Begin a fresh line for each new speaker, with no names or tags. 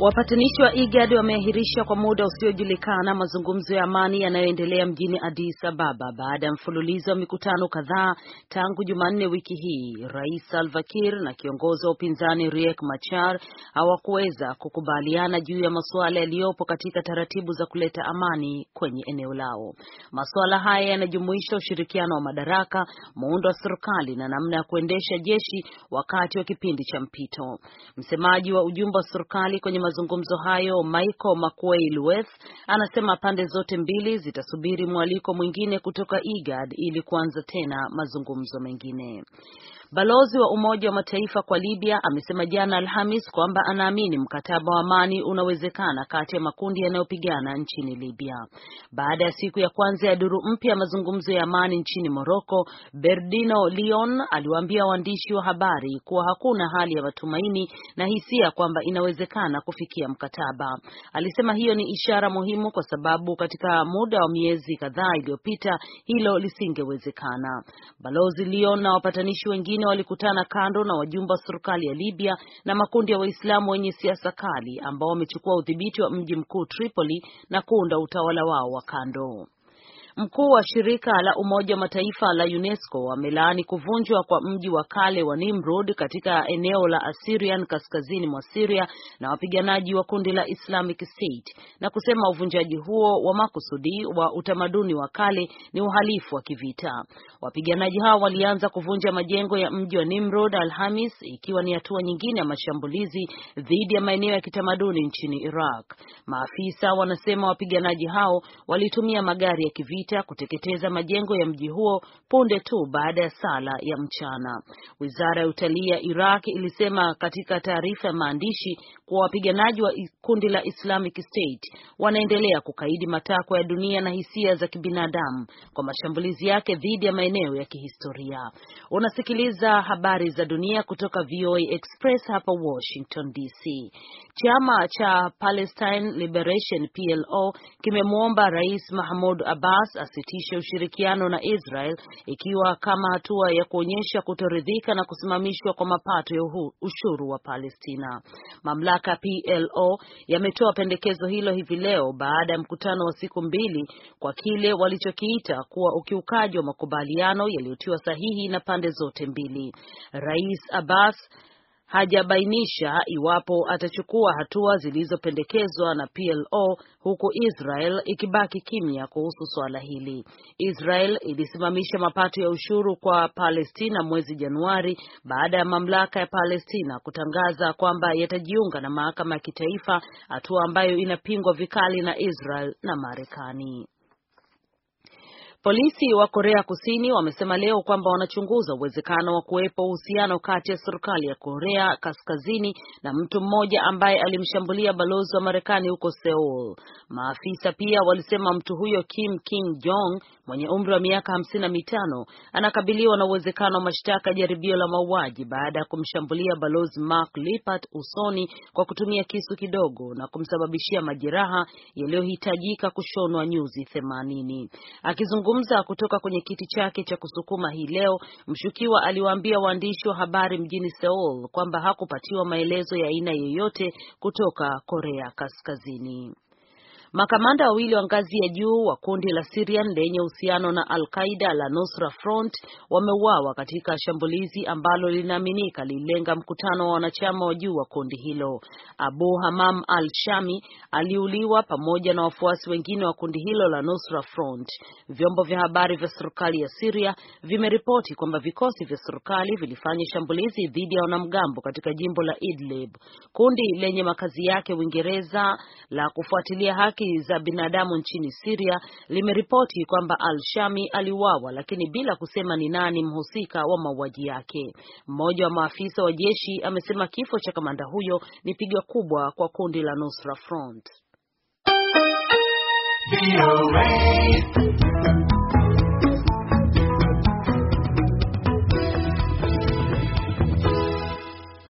Wapatanishi wa IGAD wameahirisha kwa muda usiojulikana mazungumzo ya amani yanayoendelea mjini Addis Ababa baada ya mfululizo wa mikutano kadhaa tangu Jumanne wiki hii. Rais Salva Kiir na kiongozi wa upinzani Riek Machar hawakuweza kukubaliana juu ya masuala yaliyopo katika taratibu za kuleta amani kwenye eneo lao. Masuala haya yanajumuisha ushirikiano wa madaraka, muundo wa serikali na namna ya kuendesha jeshi wakati wa kipindi cha mpito. Msemaji wa ujumbe wa serikali kwenye mazungumzo hayo, Michael Makuei Lueth anasema pande zote mbili zitasubiri mwaliko mwingine kutoka IGAD ili kuanza tena mazungumzo mengine. Balozi wa Umoja wa Mataifa kwa Libya amesema jana Alhamis kwamba anaamini mkataba wa amani unawezekana kati ya makundi yanayopigana nchini Libya. Baada ya siku ya kwanza ya duru mpya ya mazungumzo ya amani nchini Morocco, Bernardino Leon aliwaambia waandishi wa habari kuwa hakuna hali ya matumaini na hisia kwamba inawezekana kufikia mkataba. Alisema hiyo ni ishara muhimu kwa sababu katika muda wa miezi kadhaa iliyopita hilo lisingewezekana. Balozi Leon na wapatanishi wengine wengine walikutana kando na wajumbe wa serikali ya Libya na makundi ya Waislamu wenye siasa kali ambao wamechukua udhibiti wa mji mkuu Tripoli na kuunda utawala wao wa kando. Mkuu wa shirika la Umoja wa Mataifa la UNESCO amelaani kuvunjwa kwa mji wa kale wa Nimrud katika eneo la Assyrian kaskazini mwa Syria na wapiganaji wa kundi la Islamic State na kusema uvunjaji huo wa makusudi wa utamaduni wa kale ni uhalifu wa kivita. Wapiganaji hao walianza kuvunja majengo ya mji wa Nimrud Alhamis, ikiwa ni hatua nyingine ya mashambulizi dhidi ya maeneo ya kitamaduni nchini Iraq. Maafisa wanasema wapiganaji hao walitumia magari ya kivita kupita kuteketeza majengo ya mji huo punde tu baada ya sala ya mchana. Wizara ya utalii ya Iraq ilisema katika taarifa ya maandishi kuwa wapiganaji wa kundi la Islamic State wanaendelea kukaidi matakwa ya dunia na hisia za kibinadamu kwa mashambulizi yake dhidi ya maeneo ya kihistoria. Unasikiliza habari za dunia kutoka VOA Express hapa Washington DC. Chama cha Palestine Liberation PLO kimemwomba Rais Mahmoud Abbas Hamas asitishe ushirikiano na Israel ikiwa kama hatua ya kuonyesha kutoridhika na kusimamishwa kwa mapato ya ushuru wa Palestina. Mamlaka PLO yametoa pendekezo hilo hivi leo baada ya mkutano wa siku mbili kwa kile walichokiita kuwa ukiukaji wa makubaliano yaliyotiwa sahihi na pande zote mbili. Rais Abbas hajabainisha iwapo atachukua hatua zilizopendekezwa na PLO huku Israel ikibaki kimya kuhusu suala hili. Israel ilisimamisha mapato ya ushuru kwa Palestina mwezi Januari baada ya mamlaka ya Palestina kutangaza kwamba yatajiunga na mahakama ya kitaifa, hatua ambayo inapingwa vikali na Israel na Marekani. Polisi wa Korea Kusini wamesema leo kwamba wanachunguza uwezekano wa kuwepo uhusiano kati ya serikali ya Korea Kaskazini na mtu mmoja ambaye alimshambulia balozi wa Marekani huko Seoul. Maafisa pia walisema mtu huyo Kim King Jong mwenye umri wa miaka hamsini na mitano anakabiliwa na uwezekano wa mashtaka jaribio la mauaji baada ya kumshambulia balozi Mark Lippert usoni kwa kutumia kisu kidogo na kumsababishia majeraha yaliyohitajika kushonwa nyuzi themanini. Akizungumza kutoka kwenye kiti chake cha kusukuma hii leo, mshukiwa aliwaambia waandishi wa habari mjini Seoul kwamba hakupatiwa maelezo ya aina yoyote kutoka Korea Kaskazini. Makamanda wawili wa ngazi ya juu wa kundi la Syrian lenye uhusiano na Al-Qaida la Nusra Front wameuawa katika shambulizi ambalo linaaminika lililenga mkutano wa wanachama wa juu wa kundi hilo. Abu Hamam al-Shami aliuliwa pamoja na wafuasi wengine wa kundi hilo la Nusra Front. Vyombo vya habari vya serikali ya Syria vimeripoti kwamba vikosi vya serikali vilifanya shambulizi dhidi ya wanamgambo katika jimbo la Idlib. Kundi lenye makazi yake Uingereza la kufuatilia haki za binadamu nchini Siria limeripoti kwamba Al-Shami aliuawa, lakini bila kusema ni nani mhusika wa mauaji yake. Mmoja wa maafisa wa jeshi amesema kifo cha kamanda huyo ni pigo kubwa kwa kundi la Nusra Front.